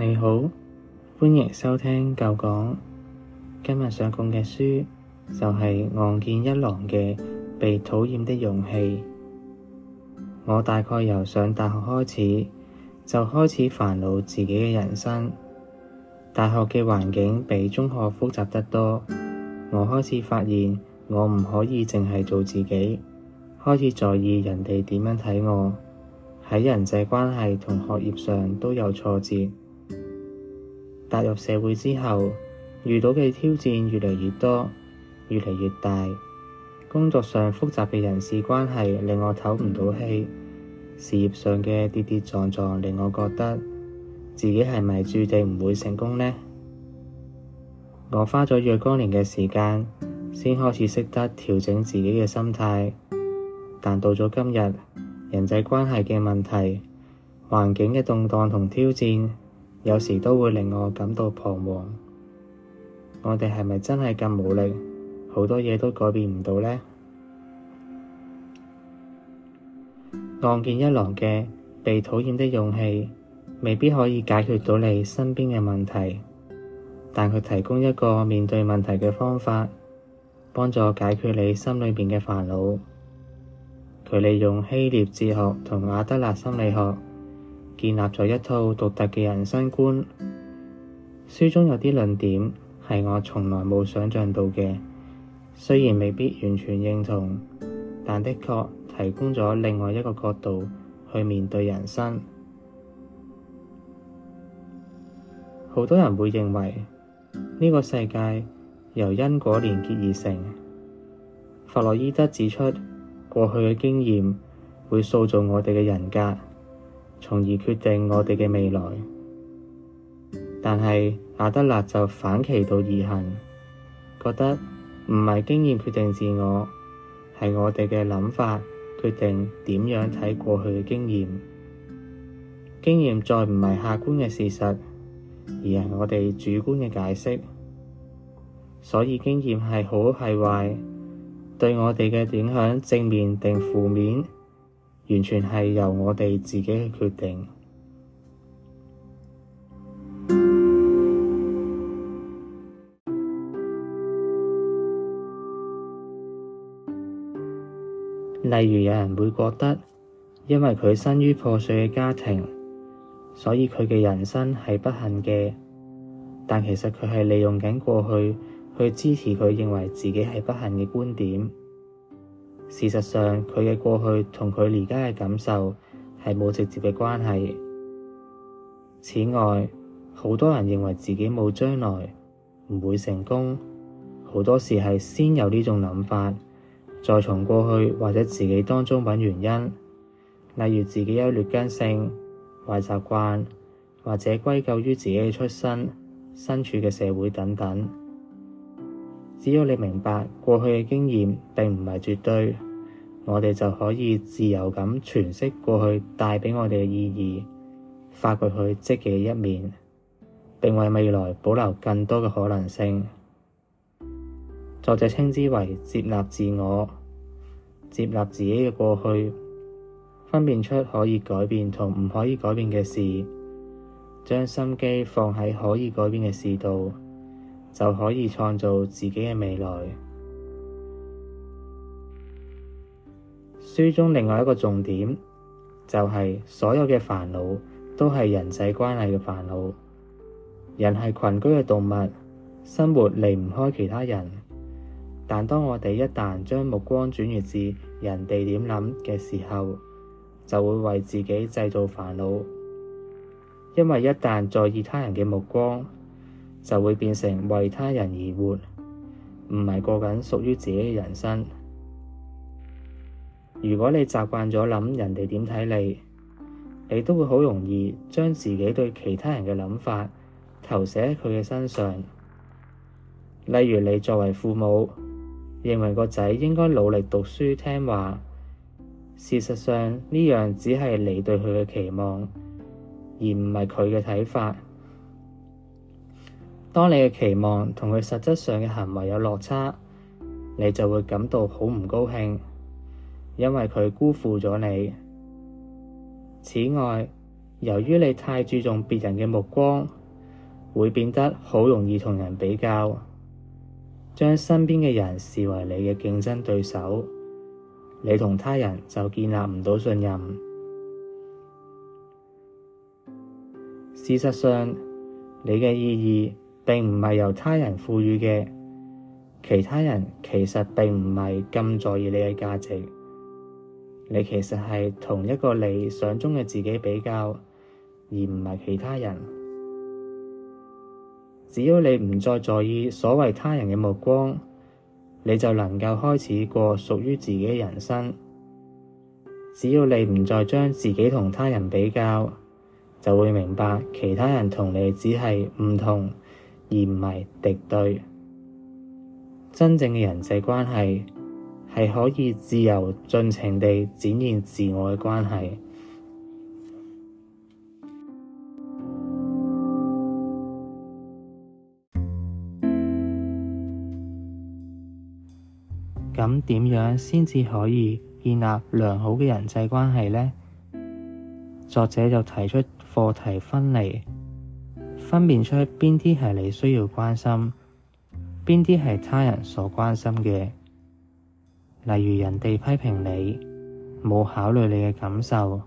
你好，歡迎收聽究讀。今日想講嘅書就係、是、岸見一郎嘅《被討厭的勇氣》。我大概由上大學開始就開始煩惱自己嘅人生。大學嘅環境比中學複雜得多，我開始發現我唔可以淨係做自己，開始在意人哋點樣睇我。喺人際關係同學業上都有挫折。踏入社會之後，遇到嘅挑戰越嚟越多，越嚟越大。工作上複雜嘅人事關係令我透唔到氣，事業上嘅跌跌撞撞令我覺得自己係咪注定唔會成功呢？我花咗若干年嘅時間先開始識得調整自己嘅心態，但到咗今日，人際關係嘅問題、環境嘅動盪同挑戰，有時都會令我感到彷徨，我哋係咪真係咁無力，好多嘢都改變唔到呢？岸見一郎嘅《被討厭的勇氣》未必可以解決到你身邊嘅問題，但佢提供一個面對問題嘅方法，幫助解決你心裏邊嘅煩惱。佢利用希臘哲學同阿德勒心理學。建立咗一套獨特嘅人生觀，書中有啲論點係我從來冇想象到嘅，雖然未必完全認同，但的確提供咗另外一個角度去面對人生。好多人會認為，呢個世界由因果連結而成。弗洛伊德指出，過去嘅經驗會塑造我哋嘅人格。從而決定我哋嘅未來。但係阿德勒就反其道而行，覺得唔係經驗決定自我，係我哋嘅諗法決定點樣睇過去嘅經驗。經驗再唔係客觀嘅事實，而係我哋主觀嘅解釋。所以經驗係好係壞，對我哋嘅影響正面定負面。完全係由我哋自己去決定。例如，有人會覺得，因為佢生於破碎嘅家庭，所以佢嘅人生係不幸嘅。但其實佢係利用緊過去去支持佢認為自己係不幸嘅觀點。事實上，佢嘅過去同佢而家嘅感受係冇直接嘅關係。此外，好多人認為自己冇將來，唔會成功。好多時係先有呢種諗法，再從過去或者自己當中揾原因，例如自己有劣根性、壞習慣，或者歸咎於自己嘅出身、身處嘅社會等等。只要你明白過去嘅經驗並唔係絕對，我哋就可以自由咁詮釋過去帶俾我哋嘅意義，發掘佢積極嘅一面，並為未來保留更多嘅可能性。作者稱之為接納自我，接納自己嘅過去，分辨出可以改變同唔可以改變嘅事，將心機放喺可以改變嘅事度。就可以創造自己嘅未來。書中另外一個重點，就係所有嘅煩惱都係人際關係嘅煩惱。人係群居嘅動物，生活離唔開其他人。但當我哋一旦將目光轉移至人哋點諗嘅時候，就會為自己製造煩惱。因為一旦在意他人嘅目光，就會變成為他人而活，唔係過緊屬於自己嘅人生。如果你習慣咗諗人哋點睇你，你都會好容易將自己對其他人嘅諗法投射喺佢嘅身上。例如你作為父母，認為個仔應該努力讀書聽話，事實上呢樣只係你對佢嘅期望，而唔係佢嘅睇法。當你嘅期望同佢實質上嘅行為有落差，你就會感到好唔高興，因為佢辜負咗你。此外，由於你太注重別人嘅目光，會變得好容易同人比較，將身邊嘅人視為你嘅競爭對手，你同他人就建立唔到信任。事實上，你嘅意義。並唔係由他人賦予嘅，其他人其實並唔係咁在意你嘅價值。你其實係同一個理想中嘅自己比較，而唔係其他人。只要你唔再在意所謂他人嘅目光，你就能夠開始過屬於自己嘅人生。只要你唔再將自己同他人比較，就會明白其他人同你只係唔同。而唔係敵對，真正嘅人際關係係可以自由盡情地展現自我嘅關係。咁點樣先至可以建立良好嘅人際關係呢？作者就提出課題分離。分辨出邊啲係你需要關心，邊啲係他人所關心嘅。例如人哋批評你，冇考慮你嘅感受，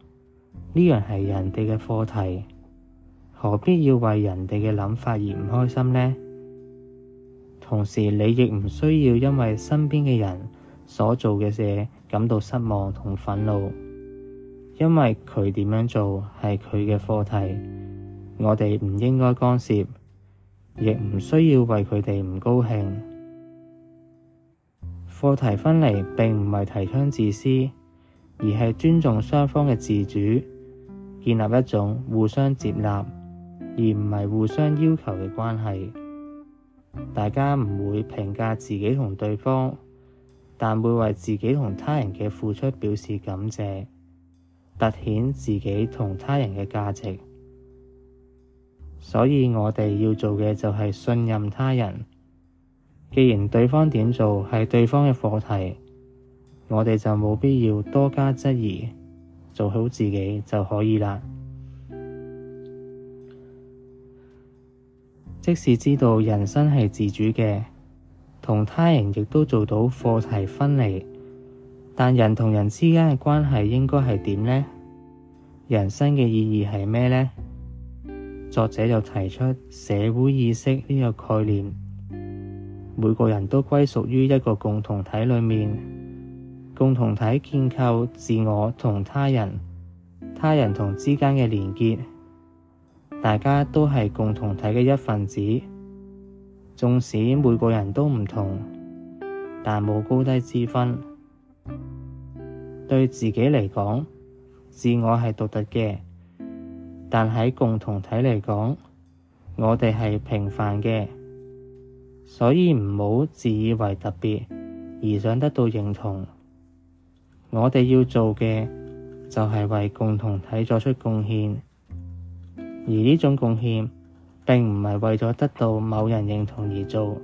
呢樣係人哋嘅課題，何必要為人哋嘅諗法而唔開心呢？同時你亦唔需要因為身邊嘅人所做嘅嘢感到失望同憤怒，因為佢點樣做係佢嘅課題。我哋唔應該干涉，亦唔需要為佢哋唔高興。課題分離並唔係提倡自私，而係尊重雙方嘅自主，建立一種互相接納，而唔係互相要求嘅關係。大家唔會評價自己同對方，但會為自己同他人嘅付出表示感謝，凸顯自己同他人嘅價值。所以我哋要做嘅就係信任他人。既然對方點做係對方嘅課題，我哋就冇必要多加質疑，做好自己就可以啦。即使知道人生係自主嘅，同他人亦都做到課題分離，但人同人之間嘅關係應該係點呢？人生嘅意義係咩呢？作者就提出社會意識呢個概念，每個人都歸屬於一個共同體裏面，共同體建構自我同他人，他人同之間嘅連結，大家都係共同體嘅一份子。縱使每個人都唔同，但冇高低之分。對自己嚟講，自我係獨特嘅。但喺共同體嚟講，我哋係平凡嘅，所以唔好自以為特別而想得到認同。我哋要做嘅就係為共同體作出貢獻，而呢種貢獻並唔係為咗得到某人認同而做，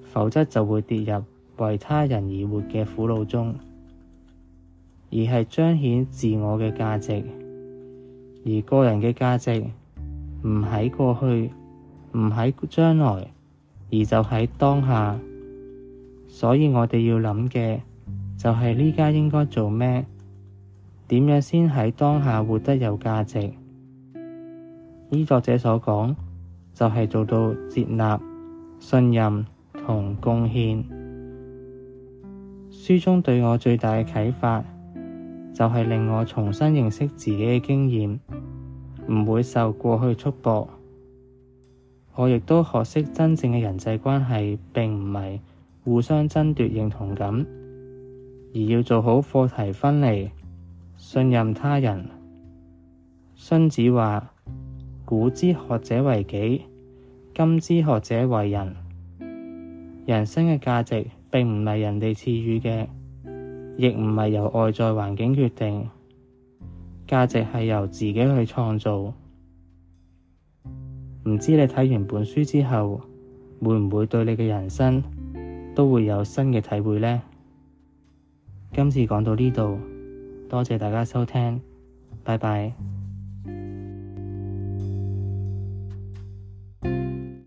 否則就會跌入為他人而活嘅苦惱中，而係彰顯自我嘅價值。而個人嘅價值，唔喺過去，唔喺將來，而就喺當下。所以我哋要諗嘅，就係呢家應該做咩，點樣先喺當下活得有價值。依作者所講，就係做到接納、信任同貢獻。書中對我最大嘅啟發，就係令我重新認識自己嘅經驗，唔會受過去束縛。我亦都學識真正嘅人際關係，並唔係互相爭奪認同感，而要做好課題分離，信任他人。荀子話：古之學者為己，今之學者為人。人生嘅價值並唔係人哋賜予嘅。亦唔係由外在環境決定，價值係由自己去創造。唔知你睇完本書之後，會唔會對你嘅人生都會有新嘅體會呢？今次講到呢度，多謝大家收聽，拜拜。